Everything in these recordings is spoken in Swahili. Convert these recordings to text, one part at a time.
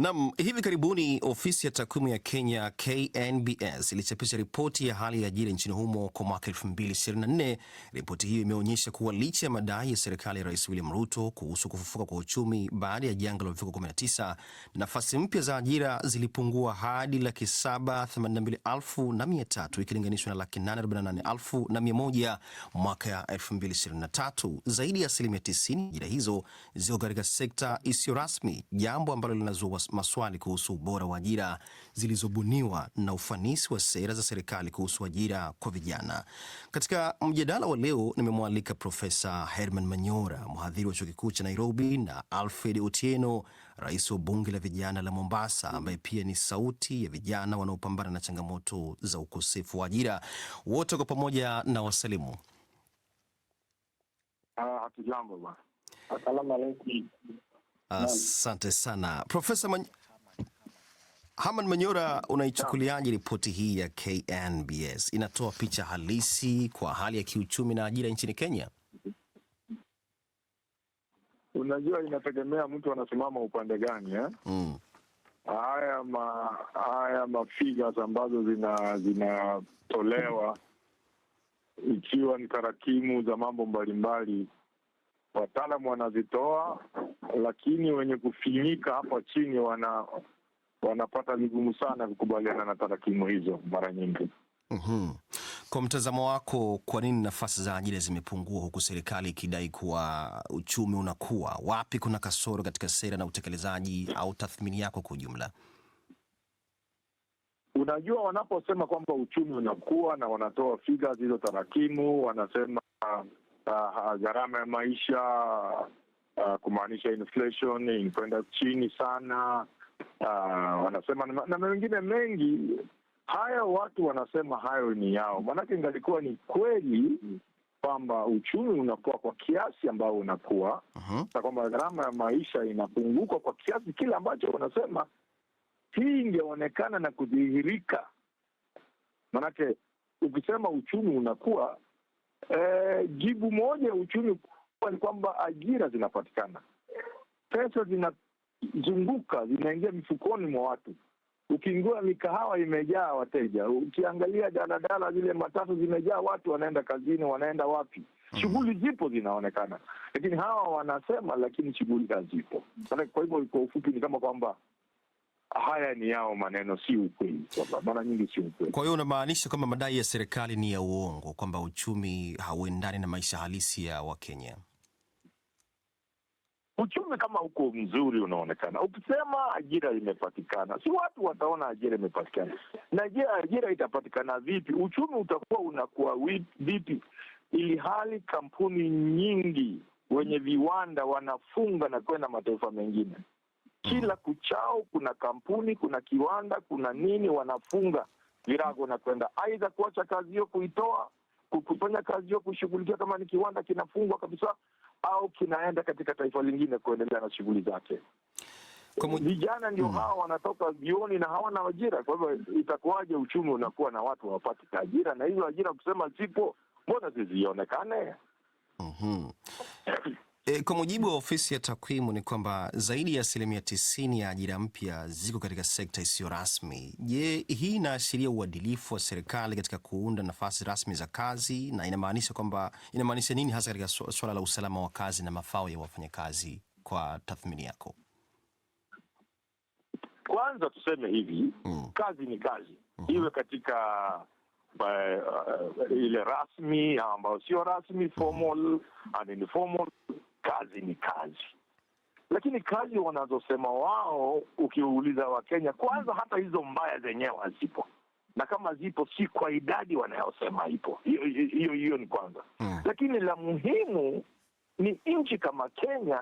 Nam, hivi karibuni ofisi ya takwimu ya Kenya KNBS ilichapisha ripoti ya hali ya ajira nchini humo kwa mwaka 2024. Ripoti hiyo imeonyesha kuwa licha ya madai ya serikali ya Rais William Ruto kuhusu kufufuka kwa uchumi baada ya janga la uviko 19, nafasi mpya za ajira zilipungua hadi laki 782,300 ikilinganishwa na laki 848,100 mwaka 2023. Zaidi ya asilimia 90 ajira hizo ziko katika sekta isiyo rasmi, jambo ambalo linazua maswali kuhusu ubora wa ajira zilizobuniwa na ufanisi wa sera za serikali kuhusu ajira kwa vijana. Katika mjadala wa leo nimemwalika Profesa Herman Manyora, mhadhiri wa chuo kikuu cha Nairobi, na Alfred Otieno, rais wa bunge la vijana la Mombasa, ambaye pia ni sauti ya vijana wanaopambana na changamoto za ukosefu wa ajira. Wote kwa pamoja na wasalimu ah, Hatujambo bwana. Asalamu alaykum. Asante sana Profesa Man... Haman Manyora, unaichukuliaje ripoti hii ya KNBS? Inatoa picha halisi kwa hali ya kiuchumi na ajira nchini Kenya? Unajua, inategemea mtu anasimama upande gani eh? Mm. Haya ma haya mafigas ambazo zina zinatolewa ikiwa ni tarakimu za mambo mbalimbali wataalamu wanazitoa, lakini wenye kufinyika hapa chini wana wanapata vigumu sana kukubaliana na tarakimu hizo mara nyingi. Mm-hmm. Kwa mtazamo wako, kwa nini nafasi za ajira zimepungua huku serikali ikidai kuwa uchumi unakuwa? Wapi kuna kasoro katika sera na utekelezaji au tathmini yako kwa ujumla? Unajua, wanaposema kwamba uchumi unakuwa na wanatoa figures hizo, tarakimu wanasema Ah, ah, gharama ya maisha uh, kumaanisha inflation inakwenda chini sana uh, wanasema na mengine mengi haya, watu wanasema hayo ni yao, maanake ingalikuwa ni kweli kwamba uchumi unakuwa kwa kiasi ambao unakuwa uh-huh. na kwamba gharama ya maisha inapunguka kwa kiasi kile ambacho wanasema, hii ingeonekana na kudhihirika, maanake ukisema uchumi unakuwa eh, jibu moja ya uchumi kubwa ni kwamba ajira zinapatikana, pesa zinazunguka, zinaingia mifukoni mwa watu. Ukiingia mikahawa imejaa wateja, ukiangalia daladala zile matatu zimejaa watu, wanaenda kazini, wanaenda wapi mm-hmm. shughuli zipo zinaonekana, lakini hawa wanasema, lakini shughuli hazipo. Kwa hivyo, kwa ufupi ni kama kwamba haya ni yao maneno, si ukweli, kwamba mara nyingi si ukweli. Kwa hiyo unamaanisha kwamba madai ya serikali ni ya uongo, kwamba uchumi hauendani na maisha halisi ya Wakenya? Uchumi kama uko mzuri unaonekana, ukisema ajira imepatikana, si watu wataona ajira imepatikana. Na je, ajira itapatikana vipi? Uchumi utakuwa unakuwa vipi, ili hali kampuni nyingi wenye viwanda wanafunga na kwenda mataifa mengine? Kila mhm. kuchao kuna kampuni, kuna kiwanda, kuna nini, wanafunga virago na kwenda aidha kuacha kazi hiyo, kuitoa, kufanya kazi hiyo, kushughulikia, kama ni kiwanda kinafungwa kabisa, au kinaenda katika taifa lingine kuendelea na shughuli zake. Vijana ndio mm. hawa wanatoka vioni na hawana ajira. Kwa hivyo itakuwaje uchumi unakuwa na watu hawapati ajira, na hizo ajira kusema zipo, mbona zizionekane? Mhm. E, kwa mujibu wa ofisi ya takwimu ni kwamba zaidi ya asilimia tisini ya ajira mpya ziko katika sekta isiyo rasmi. Je, hii inaashiria uadilifu wa serikali katika kuunda nafasi rasmi za kazi na inamaanisha kwamba inamaanisha nini hasa katika su suala la usalama wa kazi na mafao ya wafanyakazi kwa tathmini yako? Kwanza tuseme hivi mm. Kazi ni kazi mm -hmm. Iwe katika uh, ile rasmi ambayo sio rasmi, formal mm-hmm. and ah, informal kazi ni kazi, lakini kazi wanazosema wao, ukiuliza Wakenya kwanza, hata hizo mbaya zenyewe hazipo na kama zipo si kwa idadi wanayosema ipo. Hiyo hiyo ni kwanza hmm. Lakini la muhimu ni nchi kama Kenya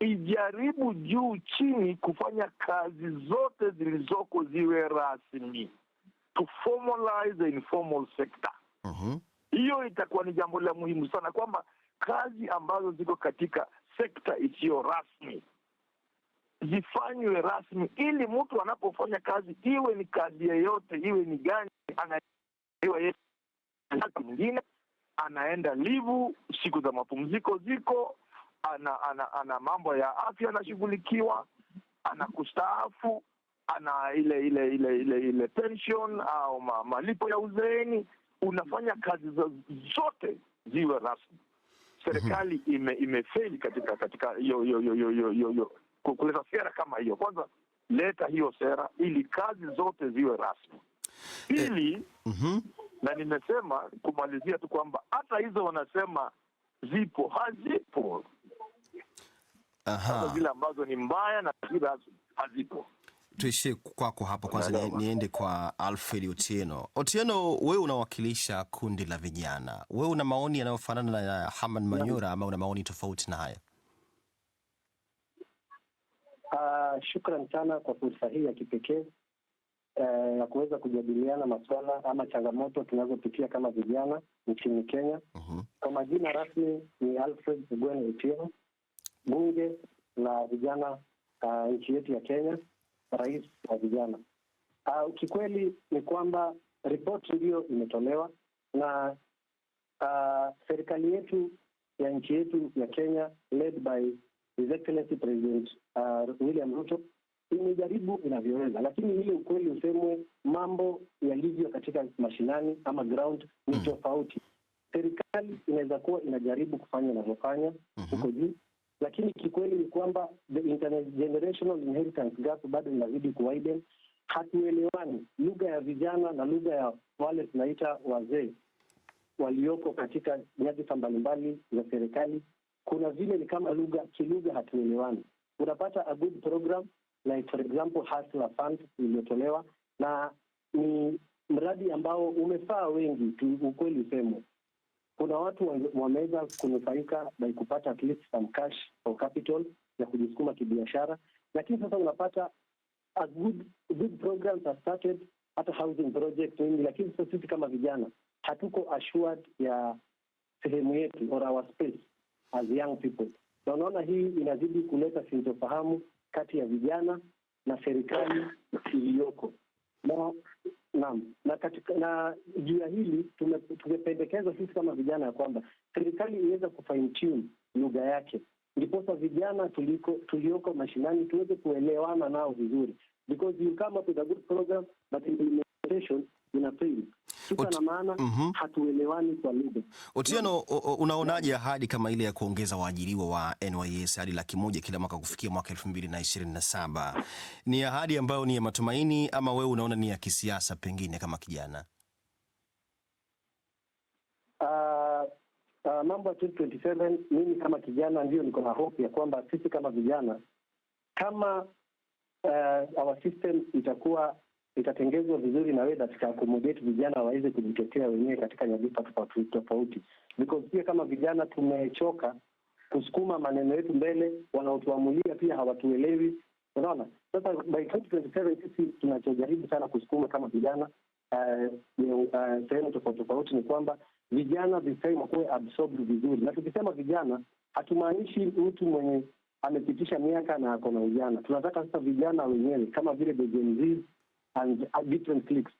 ijaribu juu chini kufanya kazi zote zilizoko ziwe rasmi, to formalize the informal sector. Mhm. Hiyo uh -huh. Itakuwa ni jambo la muhimu sana kwamba kazi ambazo ziko katika sekta isiyo rasmi zifanywe rasmi, ili mtu anapofanya kazi, iwe ni kazi yeyote, iwe ni gani, mwingine anaenda livu, siku za mapumziko ziko, ana ana, ana mambo ya afya anashughulikiwa, ana kustaafu, ana ile ile ile ile ile pension au malipo ya uzeeni. Unafanya kazi zote ziwe rasmi serikali mhm. ime, imefeli katika katika hiyo hiyo kuleta sera kama hiyo. Kwanza leta hiyo sera ili kazi zote ziwe rasmi. Eh, Pili, mm-hmm. na nimesema kumalizia tu kwamba hata hizo wanasema zipo hazipo, hata zile ambazo ni mbaya na zile hazipo tuishie kwako hapo kwanza, niende kwa Alfred Otieno. Otieno, wewe unawakilisha kundi la vijana, wewe una maoni yanayofanana na ya Haman Manyora ama una maoni tofauti na haya? Uh, shukran sana kwa fursa hii ya kipekee eh, ya kuweza kujadiliana masuala ama changamoto tunazopitia kama vijana nchini Kenya. uh mhm. -huh. Kwa majina rasmi ni Alfred Ugweno Otieno, bunge la vijana uh, nchi yetu ya Kenya rais wa vijana. Uh, ah, kikweli ni kwamba ripoti ndiyo imetolewa na uh, serikali yetu ya nchi yetu ya Kenya led by His Excellency President uh, William Ruto imejaribu inavyoweza, lakini ile ukweli usemwe, mambo yalivyo katika mashinani ama ground ni mm. tofauti. Serikali inaweza kuwa inajaribu kufanya inavyofanya huko mm-hmm. juu, lakini kikweli ni kwamba the intergenerational inheritance gap bado inazidi kuwiden. Hatuelewani lugha ya vijana na lugha ya wale tunaita wazee walioko katika nyadhifa mbalimbali za serikali. Kuna vile ni kama lugha kilugha, hatuelewani. Unapata a good program like for example Hustler Fund iliyotolewa na ni mradi ambao umefaa wengi tu, ukweli usemwe kuna watu wameweza kunufaika by kupata at least some cash or capital ya kujisukuma kibiashara, lakini sasa unapata as good, good programs are started, hata housing project lakini sasa sisi kama vijana hatuko assured ya sehemu yetu or our space as young people, na unaona hii inazidi kuleta sintofahamu kati ya vijana na serikali iliyoko na Naam, na katika na juu ya hili tumependekeza sisi kama vijana ya kwamba serikali iweze kufine tune lugha yake, ndiposa vijana tuliko, tulioko mashinani tuweze kuelewana nao vizuri because you come up with a good program but implementation inafeli Ut... na maana mm -hmm. hatuelewani kwa lugha. Otieno, unaonaje ahadi kama ile ya kuongeza waajiriwa wa NYS hadi laki moja kila mwaka kufikia mwaka 2027 ni ahadi ambayo ni ya matumaini ama wewe unaona ni ya kisiasa pengine kama kijana? Uh, uh, mambo ya 2027 mimi kama kijana ndio niko na hope ya kwamba sisi kama vijana kama uh, our system itakuwa itatengezwa vizuri na katika accommodate vijana waweze kujitetea wenyewe katika nyadhifa tofauti tofauti, because pia kama vijana tumechoka kusukuma maneno yetu mbele, wanaotuamulia pia hawatuelewi. Unaona, sasa by 2027 sisi tunachojaribu sana kusukuma kama vijana eh, eh, eh, sehemu tofauti tofauti ni kwamba vijana this time wakuwe absorbed vizuri, na tukisema vijana hatumaanishi mtu mwenye amepitisha miaka na ako na ujana. Tunataka sasa vijana wenyewe kama vile the Gen Z and different cliques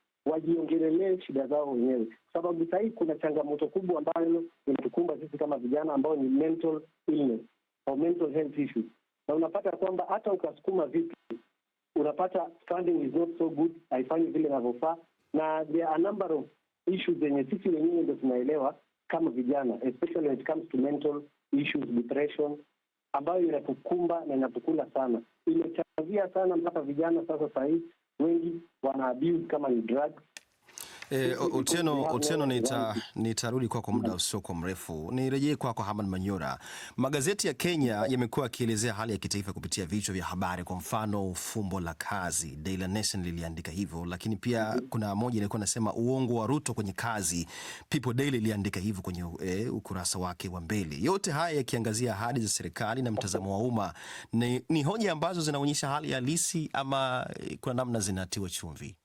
shida zao wenyewe, sababu sahii kuna changamoto kubwa ambayo inatukumba sisi kama vijana ambao ni mental illness au mental health issues, na unapata kwamba hata ukasukuma vipi, unapata is not so good, haifanyi vile inavyofaa, na there are number of issues zenye sisi wenyewe ndio tunaelewa kama vijana, especially when it comes to mental issues, depression ambayo inatukumba na inatukula sana, imechangia sana mpaka vijana sasa sahii wengi wana abuse kama ni drugs E, Otieno, Otieno nita, nitarudi kwako muda usio kwa mrefu. Nirejee kwako Herman Manyora. Magazeti ya Kenya yamekuwa yakielezea hali ya kitaifa kupitia vichwa vya habari, kwa mfano fumbo la kazi, Daily Nation liliandika hivyo, lakini pia kuna moja ilikuwa nasema uongo wa Ruto kwenye kazi, People Daily iliandika hivyo kwenye e, ukurasa wake wa mbele. Yote haya yakiangazia ahadi za serikali na mtazamo wa umma. Ni, ni hoja ambazo zinaonyesha hali halisi ama eh, kuna namna zinatiwa chumvi?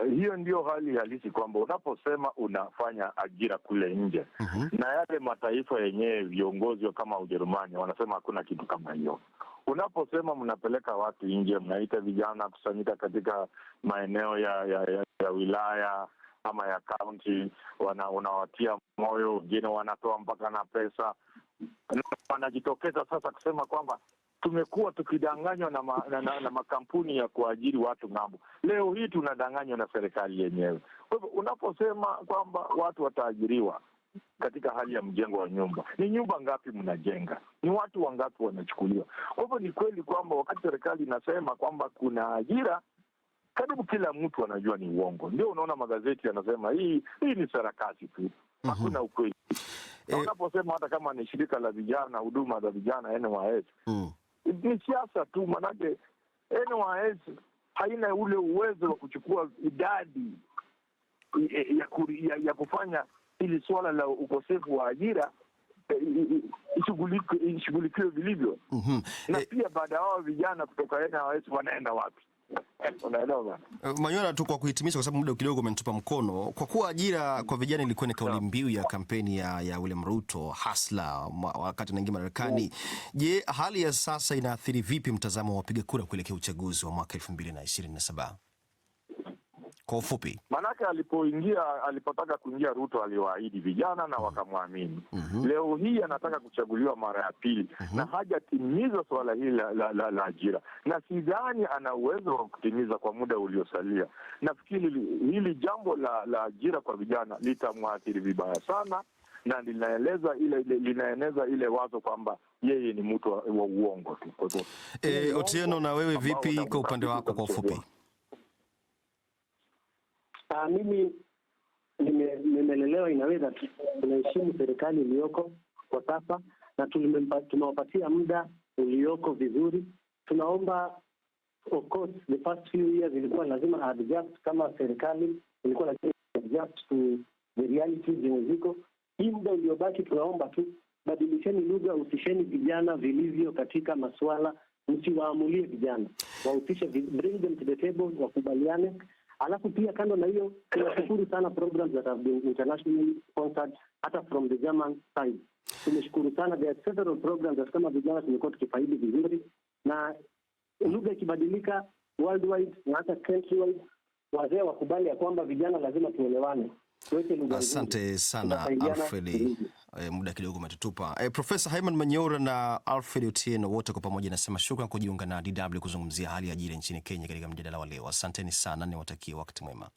Eh, hiyo ndio hali halisi kwamba unaposema unafanya ajira kule nje mm -hmm. na yale mataifa yenyewe viongozi kama Ujerumani wanasema hakuna kitu kama hiyo. Unaposema mnapeleka watu nje, mnaita vijana kusanyika katika maeneo ya, ya, ya, ya wilaya ama ya kaunti, unawatia moyo, wengine wanatoa mpaka na pesa, wanajitokeza sasa kusema kwamba tumekuwa tukidanganywa na, ma, na, na, na makampuni ya kuajiri watu ng'ambo. Leo hii tunadanganywa na serikali yenyewe. Kwa hivyo unaposema kwamba watu wataajiriwa katika hali ya mjengo wa nyumba, ni nyumba ngapi mnajenga? Ni watu wangapi wanachukuliwa? Kwa hivyo ni kweli kwamba wakati serikali inasema kwamba kuna ajira karibu kila mtu anajua ni uongo. Ndio unaona magazeti yanasema hii hii ni sarakasi tu, mhm. hakuna ukweli. Eh, unaposema hata kama ni shirika la vijana, huduma za vijana NYS, mm ni siasa tu, manake NYS haina ule uwezo wa kuchukua idadi ya, ya, ya kufanya hili suala la ukosefu wa ajira e, ishughulikiwe vilivyo. mm -hmm. Na e, pia baada ya wao vijana kutoka NYS wanaenda wapi? Unaelewa eh, Manyola, tu kwa kuhitimisha, kwa sababu muda kidogo umenitupa mkono, kwa kuwa ajira kwa vijana ilikuwa ni kauli mbiu ya kampeni ya, ya William Ruto hasla wakati anaingia madarakani. Je, hali ya sasa inaathiri vipi mtazamo wa wapiga kura kuelekea uchaguzi wa mwaka 2027? kwa ufupi, maanake alipoingia alipotaka kuingia Ruto aliwaahidi vijana na wakamwamini. mm -hmm. Leo hii anataka kuchaguliwa mara ya pili. mm -hmm. na hajatimiza suala hili la, la, la, la ajira, na sidhani ana uwezo wa kutimiza kwa muda uliosalia. Nafikiri hili jambo la, la ajira kwa vijana litamwathiri vibaya sana na linaeleza ile linaeneza ile wazo kwamba yeye ni mtu wa uongo tu. Kwa hivyo, eh, Otieno, na wewe vipi kwa upande wako kwa ufupi? Aa, ah, mimi nimelelewa inaweza tu, tunaheshimu serikali iliyoko kwa sasa na tumewapatia muda ulioko vizuri. Tunaomba of course, the first few years ilikuwa lazima adjust kama serikali ilikuwa lazima adjust to the reality zenye ziko. Hii muda uliobaki, tunaomba tu badilisheni lugha, husisheni vijana vilivyo katika masuala, msiwaamulie vijana, wahusishe, bring them to the table, wakubaliane Alafu pia kando na hiyo tunashukuru sana programs that have been internationally sponsored hata from the German side. Tumeshukuru sana, there are several programs that kama vijana tumekuwa tukifaidi vizuri, na lugha ikibadilika worldwide na hata countrywide, wazee wakubali ya kwamba vijana lazima tuelewane. Asante sana Alfredi e, muda kidogo umetutupa. E, Profesa Haiman Manyora na Alfred Otieno wote kwa pamoja nasema shukran kujiunga na DW kuzungumzia hali ya ajira nchini Kenya katika mjadala wa leo. Asanteni sana, niwatakie wakati mwema.